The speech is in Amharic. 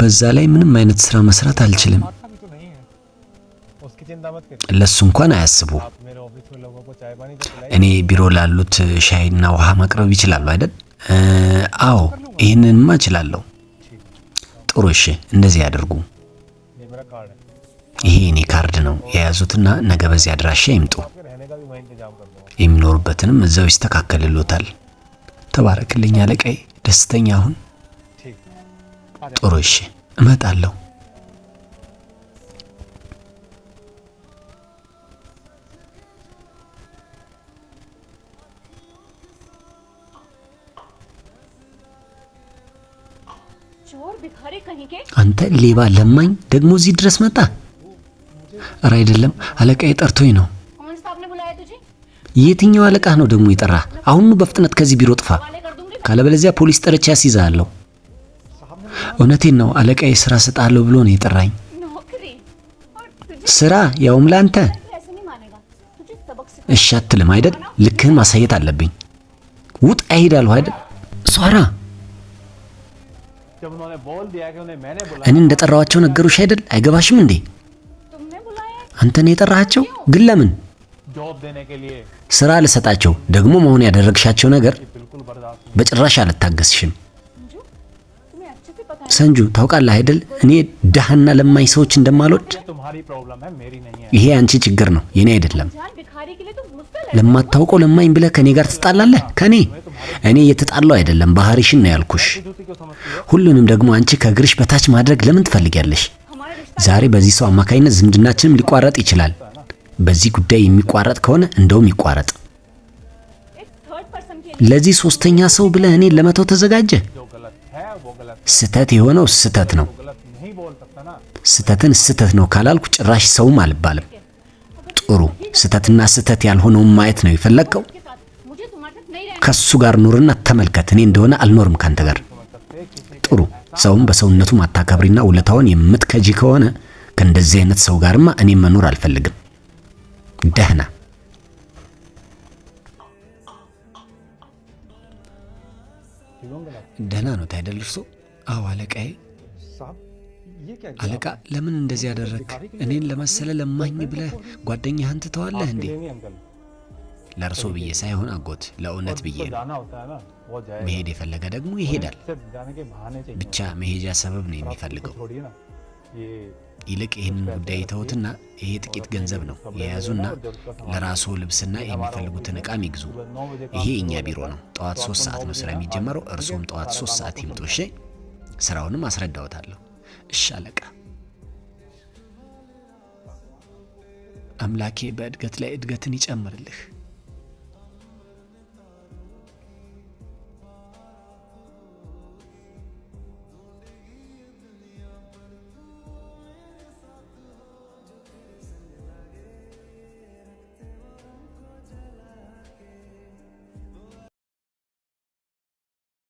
በዛ ላይ ምንም አይነት ስራ መስራት አልችልም። ለሱ እንኳን አያስቡ። እኔ ቢሮ ላሉት ሻይና ውሃ ማቅረብ ይችላሉ አይደል? አዎ፣ ይህንንማ እችላለሁ። ጥሩ፣ እሺ፣ እንደዚህ ያደርጉ። ይሄ እኔ ካርድ ነው የያዙትና ነገ በዚህ አድራሻ ይምጡ። የሚኖሩበትንም እዛው ይስተካከልሎታል። ተባረክልኝ አለቀይ፣ ደስተኛ አሁን ጥሩ እሺ፣ እመጣለሁ። አንተ ሌባ ለማኝ፣ ደግሞ እዚህ ድረስ መጣ? እረ አይደለም፣ አለቃዬ ጠርቶኝ ነው። የትኛው አለቃህ ነው ደግሞ የጠራህ? አሁኑ በፍጥነት ከዚህ ቢሮ ጥፋ፣ ካለበለዚያ ፖሊስ ጠርቼ አስይዝሃለሁ። እውነቴን ነው አለቃዬ ስራ ስጣለሁ ብሎ ነው የጠራኝ። ስራ ያውም ለአንተ። እሺ አትልም አይደል? ልክህን ማሳየት አለብኝ። ውጥ አይሄዳለሁ አይደል? ሷራ እኔ እንደጠራዋቸው ነገሮች አይደል? አይገባሽም እንዴ? አንተ ነው የጠራሃቸው? ግን ለምን ስራ ልሰጣቸው? ደግሞ መሆን ያደረግሻቸው ነገር በጭራሽ አልታገስሽም። ሰንጁ ታውቃለህ አይደል? እኔ ድሃና ለማኝ ሰዎች እንደማልወድ። ይሄ አንቺ ችግር ነው የኔ አይደለም። ለማታውቀው ለማኝ ብለህ ከኔ ጋር ትጣላለህ? ከኔ እኔ እየተጣላው አይደለም፣ ባህሪሽን ነው ያልኩሽ። ሁሉንም ደግሞ አንቺ ከእግርሽ በታች ማድረግ ለምን ትፈልጊያለሽ? ዛሬ በዚህ ሰው አማካኝነት ዝምድናችንም ሊቋረጥ ይችላል። በዚህ ጉዳይ የሚቋረጥ ከሆነ እንደውም ይቋረጥ። ለዚህ ሶስተኛ ሰው ብለህ እኔ ለመተው ተዘጋጀ? ስተት የሆነው ስተት ነው። ስተትን ስተት ነው ካላልኩ ጭራሽ ሰውም አልባልም። ጥሩ ስተትና ስተት ያልሆነውን ማየት ነው የፈለግከው? ከሱ ጋር ኑርና ተመልከት። እኔ እንደሆነ አልኖርም ካንተ ጋር። ጥሩ ሰውም በሰውነቱ ማታከብሪና ውለታውን የምትከጂ ከሆነ ከእንደዚህ አይነት ሰው ጋርማ እኔ መኖር አልፈልግም። ደህና ደህና ነው አይደል አዎ አለቃዬ። አለቃ ለምን እንደዚህ ያደረግክ? እኔን ለመሰለ ለማኝ ብለህ ጓደኛህን ትተዋለህ እንዴ? ለእርሶ ብዬ ሳይሆን አጎት፣ ለእውነት ብዬ ነው። መሄድ የፈለገ ደግሞ ይሄዳል። ብቻ መሄጃ ሰበብ ነው የሚፈልገው። ይልቅ ይህንን ጉዳይ ተውትና፣ ይሄ ጥቂት ገንዘብ ነው የያዙና ለራስዎ ልብስና የሚፈልጉትን እቃም ይግዙ። ይሄ እኛ ቢሮ ነው። ጠዋት ሶስት ሰዓት ነው ስራ የሚጀመረው። እርሶም ጠዋት ሶስት ሰዓት ይምጡ እሺ። ስራውንም አስረዳውታለሁ። እሺ አለቃ። አምላኬ በእድገት ላይ እድገትን ይጨምርልህ።